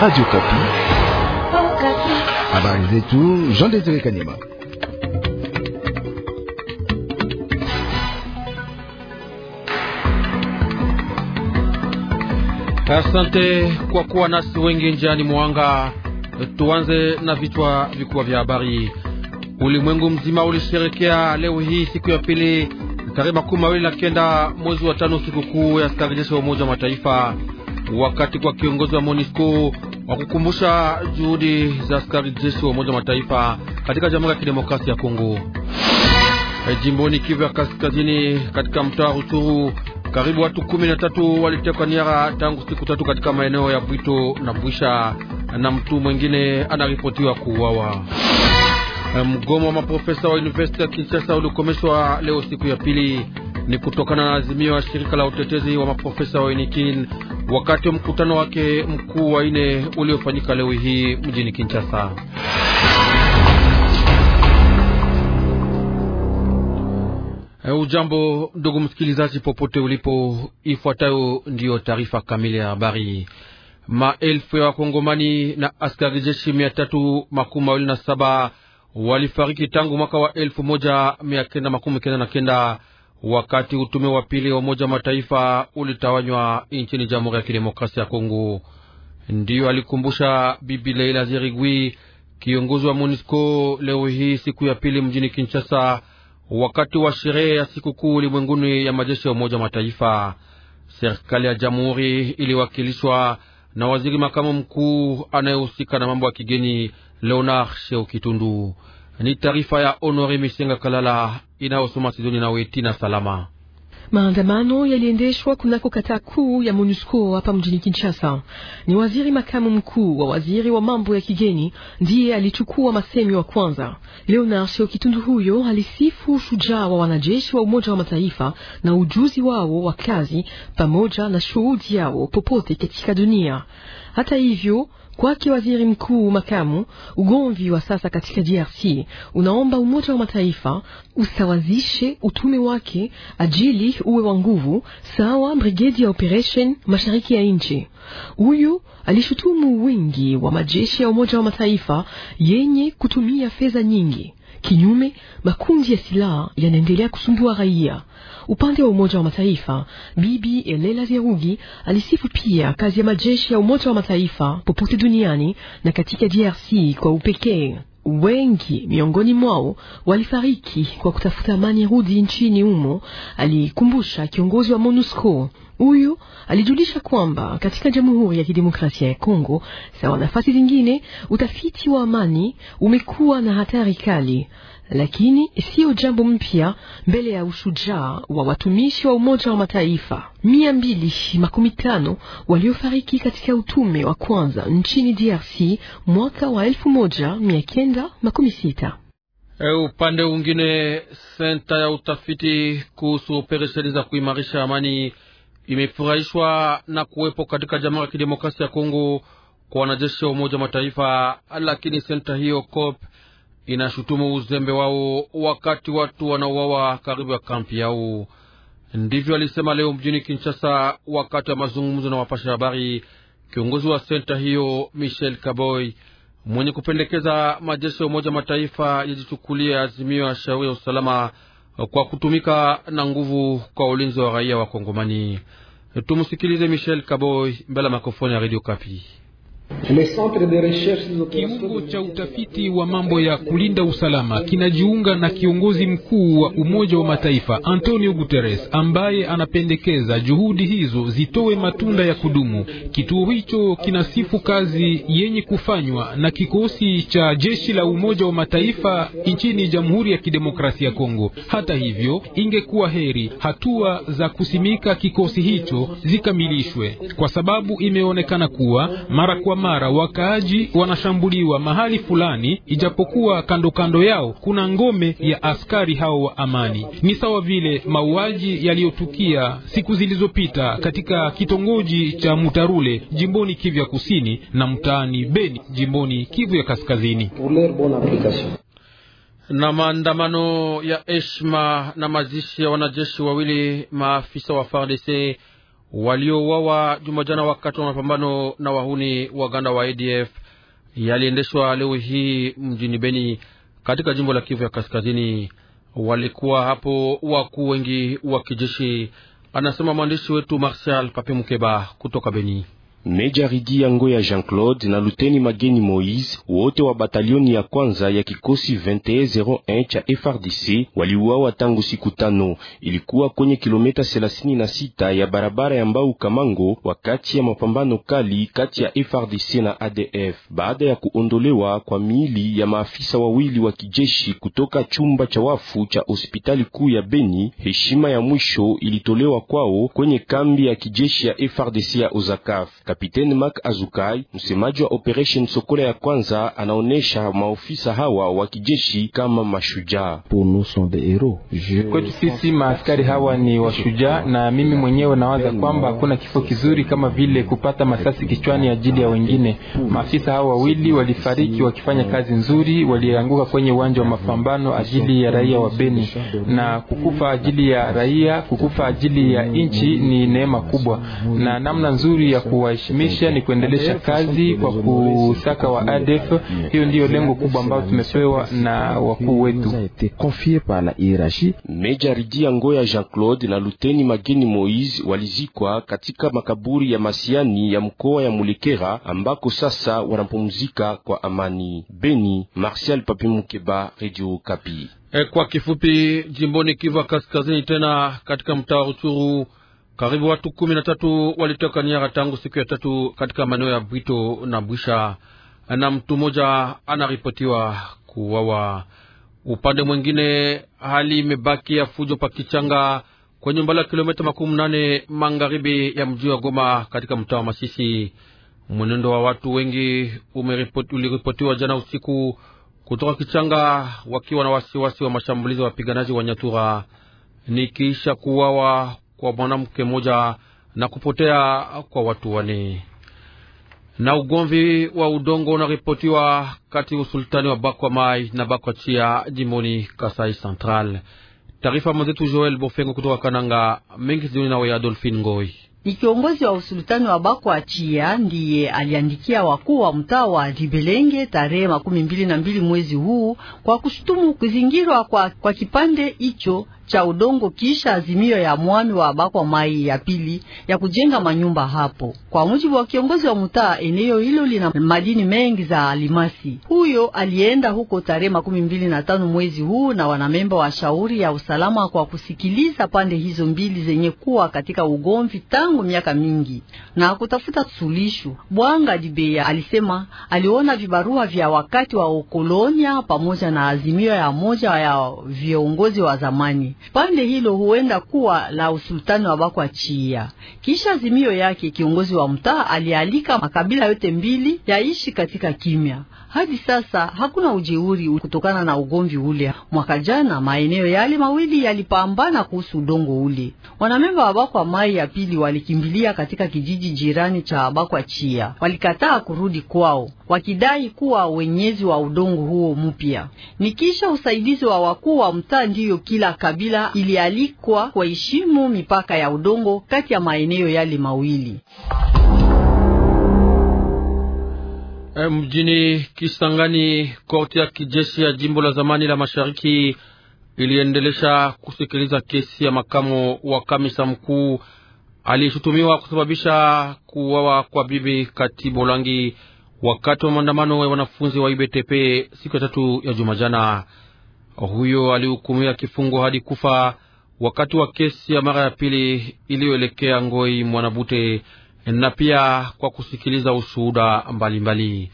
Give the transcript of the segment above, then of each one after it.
Radio Kapi. Habari zetu Jean Desire Kanyama. Asante kwa kuwa nasi wengi njiani mwanga. Tuanze na vichwa vikubwa vya habari. Ulimwengu mzima ulisherekea leo hii siku ya pili tarehe makumi mawili na kenda mwezi wa tano sikukuu ya askari jeshi wa Umoja wa Mataifa wakati kwa kiongozi wa MONUSCO wa kukumbusha juhudi za askari jeshi wa Umoja wa Mataifa katika Jamhuri ya Kidemokrasia ya Kongo. Eh, jimboni Kivu ya Kaskazini, katika mtaa rusuru karibu watu kumi na tatu walitekwa nyara tangu siku tatu katika maeneo ya Bwito na Bwisha, na mtu mwengine anaripotiwa kuuawa. Eh, mgomo wa maprofesa wa Universiti ya Kinshasa ulikomeshwa leo siku ya pili ni kutokana na azimio ya shirika la utetezi wa maprofesa wa UNIKIL wakati wa mkutano wake mkuu wa nne uliofanyika leo hii mjini Kinshasa. E, ujambo ndugu msikilizaji, popote ulipo, ifuatayo ndiyo taarifa kamili ya habari. Maelfu ya wakongomani na askari jeshi mia tatu makumi mawili na saba walifariki tangu mwaka wa elfu moja mia kenda makumi kenda na kenda wakati utume wa pili wa Umoja Mataifa ulitawanywa nchini Jamhuri ya Kidemokrasia ya Kongo. Ndiyo alikumbusha Bibi Leila Zerigwi, kiongozi wa MONUSCO, leo hii siku ya pili mjini Kinshasa, wakati wa sherehe ya sikukuu ulimwenguni ya majeshi ya Umoja Mataifa. Serikali ya jamhuri iliwakilishwa na waziri makamu mkuu anayehusika na mambo ya kigeni Leonard Sheu Kitundu. Ni taarifa ya Honore Misenga Kalala inayosoma Sidoni na Wetina Salama. Maandamano yaliendeshwa kunako kata kuu ya MONUSCO hapa mjini Kinshasa. Ni waziri makamu mkuu wa waziri wa mambo ya kigeni ndiye alichukua masemi wa kwanza. Leonard Kitundu huyo alisifu shujaa wa wanajeshi wa Umoja wa Mataifa na ujuzi wao wa kazi pamoja na shuhudi yao popote katika dunia. Hata hivyo Kwake waziri mkuu makamu, ugomvi wa sasa katika DRC unaomba Umoja wa Mataifa usawazishe utume wake ajili uwe wa nguvu sawa brigedi ya operation mashariki ya nchi. Huyu alishutumu wingi wa majeshi ya Umoja wa Mataifa yenye kutumia fedha nyingi. Kinyume, makundi ya silaha yanaendelea kusumbua raia. Upande wa Umoja wa Mataifa, Bibi elela Zerugi alisifu pia kazi ya majeshi ya Umoja wa Mataifa popote duniani na katika DRC kwa upekee. Wengi miongoni mwao walifariki kwa kutafuta amani rudi nchini humo, alikumbusha kiongozi wa MONUSCO huyu alijulisha kwamba katika Jamhuri ya Kidemokrasia ya Kongo, sawa nafasi zingine, utafiti wa amani umekuwa na hatari kali, lakini siyo jambo mpya mbele ya ushujaa wa watumishi wa Umoja wa Mataifa mia mbili makumi tano waliofariki katika utume wa kwanza nchini DRC mwaka wa elfu moja mia kenda makumi sita. E, upande mwingine, senta ya utafiti kuhusu operesheni za kuimarisha amani imefurahishwa na kuwepo katika Jamhuri ya Kidemokrasia ya Kongo kwa wanajeshi wa Umoja Mataifa, lakini senta hiyo COP inashutumu uzembe wao wakati watu wanauawa karibu ya kampi yao. Ndivyo alisema leo mjini Kinshasa wakati wa mazungumzo na wapasha habari kiongozi wa senta hiyo Michel Kaboy mwenye kupendekeza majeshi ya Umoja Mataifa yajichukulia azimio ya shauri ya usalama kwa kutumika na nguvu kwa ulinzi wa raia wa Kongomani. Tumsikilize Michel Kaboy mbele ya makofoni ya Radio Kapi. Kiungo cha utafiti wa mambo ya kulinda usalama kinajiunga na kiongozi mkuu wa Umoja wa Mataifa Antonio Guterres, ambaye anapendekeza juhudi hizo zitoe matunda ya kudumu. Kituo hicho kinasifu kazi yenye kufanywa na kikosi cha jeshi la Umoja wa Mataifa nchini Jamhuri ya Kidemokrasia ya Kongo. Hata hivyo, ingekuwa heri hatua za kusimika kikosi hicho zikamilishwe, kwa sababu imeonekana kuwa mara kwa mara wakaaji wanashambuliwa mahali fulani, ijapokuwa kando kando yao kuna ngome ya askari hao wa amani. Ni sawa vile mauaji yaliyotukia siku zilizopita katika kitongoji cha Mutarule jimboni Kivu ya Kusini na mtaani Beni jimboni Kivu ya Kaskazini. Na maandamano ya heshima na mazishi ya wanajeshi wawili maafisa wa FARDC waliouawa Jumajana wakati wa mapambano na wahuni Waganda wa ADF yaliendeshwa leo hii mjini Beni katika jimbo la Kivu ya Kaskazini. Walikuwa hapo wakuu wengi wa kijeshi, anasema mwandishi wetu Marshal Pape Mukeba kutoka Beni. Meja Ridi Yango ya Jean-Claude na Luteni Mageni Moise wote wa batalioni ya kwanza ya kikosi 2101 cha FRDC waliuawa tangu siku tano. Ilikuwa kwenye kilomita 36 ya barabara ya Mbau Kamango, wakati ya mapambano kali kati ya FRDC na ADF, baada ya kuondolewa kwa miili ya maafisa wawili wa kijeshi kutoka chumba cha wafu cha hospitali kuu ya Beni. Heshima ya mwisho ilitolewa kwao kwenye kambi ya kijeshi ya FRDC ya Ozakaf. Kapiteni Mark Azukai, msemaji wa operation Sokola ya kwanza, anaonesha maofisa hawa wa kijeshi kama mashujaa. Kwetu sisi maaskari hawa ni washujaa, na mimi mwenyewe nawaza kwamba hakuna kifo kizuri kama vile kupata masasi kichwani ajili ya wengine. Maafisa hawa wawili walifariki wakifanya kazi nzuri, walianguka kwenye uwanja wa mapambano ajili ya raia wa Beni, na kukufa ajili ya raia, kukufa ajili ya nchi ni neema kubwa na namna nzuri ya kuwa Misha ni kuendelesha kazi kwa kusaka wa ADF. Hiyo ndiyo lengo kubwa ambayo tumepewa na wakuu wetu. Meja Ridia Ngoya Jean Claude na Luteni Mageni Moise walizikwa katika makaburi ya Masiani ya mkoa ya Mulekera ambako sasa wanapumzika kwa amani. Beni, Martial Papimukeba, Radio Kapi. Eh, kwa kifupi, jimboni Kivu Kaskazini, tena katika mtaa Rutshuru karibu watu kumi na tatu walitoka Niara tangu siku ya tatu katika maeneo ya Bwito na Bwisha, na mtu mmoja anaripotiwa kuwawa. Upande mwingine, hali imebaki ya fujo pa Kichanga kwenye umbali wa kilomita makumi nane magharibi ya mji wa Goma katika mtaa wa Masisi. Mwenendo wa watu wengi uliripotiwa jana usiku kutoka Kichanga wakiwa na wasiwasi wa mashambulizi ya wapiganaji wa Nyatura nikiisha kuwawa kwa mwanamke mmoja na kupotea kwa watu wane. Na ugomvi wa udongo unaripotiwa kati usultani wa Bakwa Mai na Bakwa Chia jimoni Kasai Central. Taarifa mwenzetu Joel Bofengo kutoka Kananga. Mengi zioni nawe Adolfine Ngoi ni kiongozi wa usultani wa Bakwa Chia ndiye aliandikia wakuu wa mtaa wa Libelenge tarehe makumi mbili na mbili mwezi huu kwa kushutumu kuzingirwa kwa, kwa kipande hicho cha udongo kisha azimio ya mwami wa Bakwa Mai ya pili ya kujenga manyumba hapo. Kwa mujibu wa kiongozi wa mtaa, eneo hilo lina madini mengi za alimasi. Huyo alienda huko tarehe makumi mbili na tano mwezi huu na wanamemba wa shauri ya usalama kwa kusikiliza pande hizo mbili zenye kuwa katika ugomvi tangu miaka mingi na kutafuta sulishu Bwanga Dibeya alisema aliona vibarua vya wakati wa ukolonia pamoja na azimio ya moja ya viongozi wa zamani. Pande hilo huenda kuwa la usultani wa Chia. Kisha zimio yake, kiongozi wa mtaa alialika makabila yote mbili yaishi katika kimya. Hadi sasa hakuna ujeuri kutokana na ugomvi ule. Mwaka jana maeneo yale mawili yalipambana kuhusu udongo ule. Wanamemba wa Bakwa Mai ya pili walikimbilia katika kijiji jirani cha Bakwa Chia, walikataa kurudi kwao wakidai kuwa wenyezi wa udongo huo mpya. Ni kisha usaidizi wa wakuu wa mtaa, ndiyo kila kabila ilialikwa kuheshimu mipaka ya udongo kati ya maeneo yale mawili. Eh, mjini Kisangani, korti ya kijeshi ya jimbo la zamani la mashariki iliendelesha kusikiliza kesi ya makamo wa kamisa mkuu aliyeshutumiwa kusababisha kuwawa kwa bibi Langi wakati wa maandamano ya wanafunzi wa IBTP siku ya tatu ya Jumajana. Huyo alihukumiwa kifungo hadi kufa wakati wa kesi ya mara ya pili iliyoelekea Ngoi Mwanabute na pia kwa kusikiliza ushuhuda mbalimbali.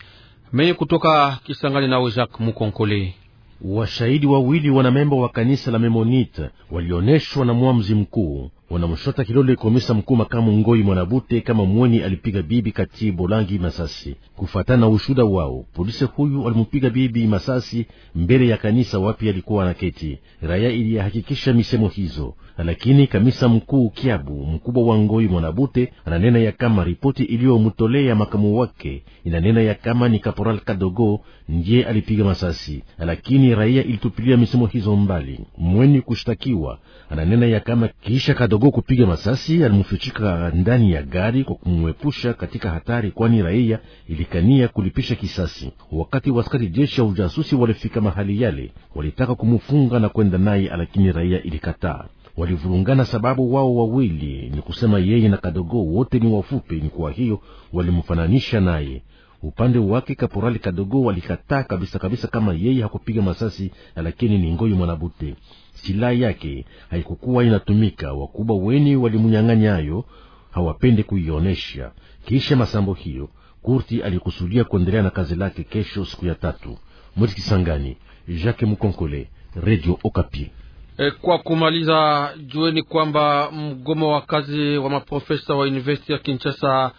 Meye kutoka Kisangani nawe Jacques Mukonkole. Washahidi wawili wanamemba wa kanisa la Memonite walioneshwa na mwamzi mkuu wanamshota Kilole komisa mkuu makamu Ngoi Mwanabute kama mweni alipiga bibi Kati Bolangi masasi. Kufatana na ushuda wao, polisi huyu alimpiga bibi masasi mbele ya kanisa wapi alikuwa anaketi. Raia ilihakikisha misemo hizo, lakini kamisa mkuu Kiabu mkubwa wa Ngoi Mwanabute ananena ya kama ripoti iliyomtolea makamu wake inanena ya kama ni Kaporal Kadogo ndiye alipiga masasi, lakini raia ilitupilia misemo hizo mbali. Mweni kushtakiwa ananena ya kama kisha Kadogo Dogo kupiga masasi alimufichika ndani ya gari kwa kumwepusha katika hatari, kwani raia ilikania kulipisha kisasi. Wakati waskari jeshi ya ujasusi walifika mahali yale, walitaka kumufunga na kwenda naye, lakini raia ilikataa. Walivurungana sababu wao wawili ni kusema yeye na Kadogo wote ni wafupi, ni kwa hiyo walimfananisha naye. Upande wake Kaporali Kadogo walikataa kabisa kabisa kama yeye hakupiga masasi, lakini ni Ngoyi Mwanabute silaha yake haikukuwa inatumika. Wakubwa weni hayo, hawapende kuionyesha. Kisha masambo hiyo, Kurti alikusudia kuendelea na kazi lake kesho, siku ya tatu mwezi Kisangani. Jacques Mukonkole, Radio Okapi. E, kwa kumaliza, jueni kwamba mgomo wa kazi wa maprofesa wa universiti ya Kinshasa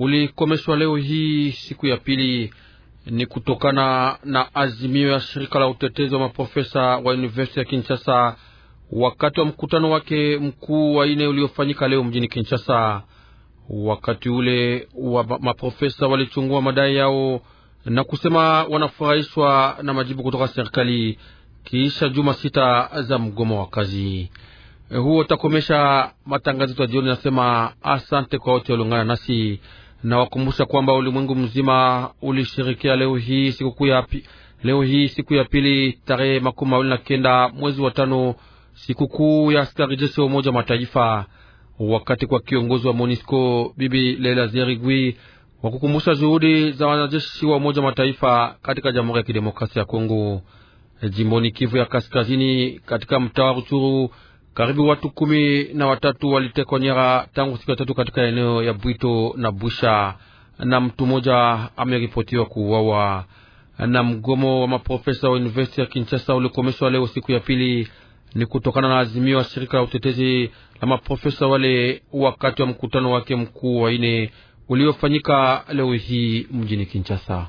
ulikomeshwa leo hii siku ya pili. Ni kutokana na azimio ya shirika la utetezi wa maprofesa wa university ya Kinshasa wakati wa mkutano wake mkuu wa ine uliofanyika leo mjini Kinshasa. Wakati ule wa maprofesa walichungua madai yao na kusema wanafurahishwa na majibu kutoka serikali kiisha juma sita za mgomo wa kazi huo. Utakomesha matangazo ya jioni. Nasema asante kwa wote waliungana nasi na wakumbusha kwamba ulimwengu mzima ulishirikia leo hii siku ya leo hii siku ya pili tarehe makumi mawili na kenda mwezi wa tano sikukuu ya askari jeshi wa Umoja Mataifa, wakati kwa kiongozi wa MONUSCO Bibi Leila Zerigui wa kukumbusha juhudi za wanajeshi wa Umoja Mataifa katika Jamhuri ya Kidemokrasia ya Kongo, jimboni Kivu ya Kaskazini, katika mtaa wa Ruchuru. Karibu watu kumi na watatu walitekwa nyara tangu siku ya tatu katika eneo ya Bwito na Busha, na mtu mmoja ameripotiwa kuuawa. Na mgomo wa maprofesa wa universiti ya Kinshasa ulikomeshwa leo siku ya pili, ni kutokana na azimio ya shirika la utetezi la maprofesa wale wakati wa mkutano wake mkuu wa ine uliofanyika leo hii mjini Kinshasa.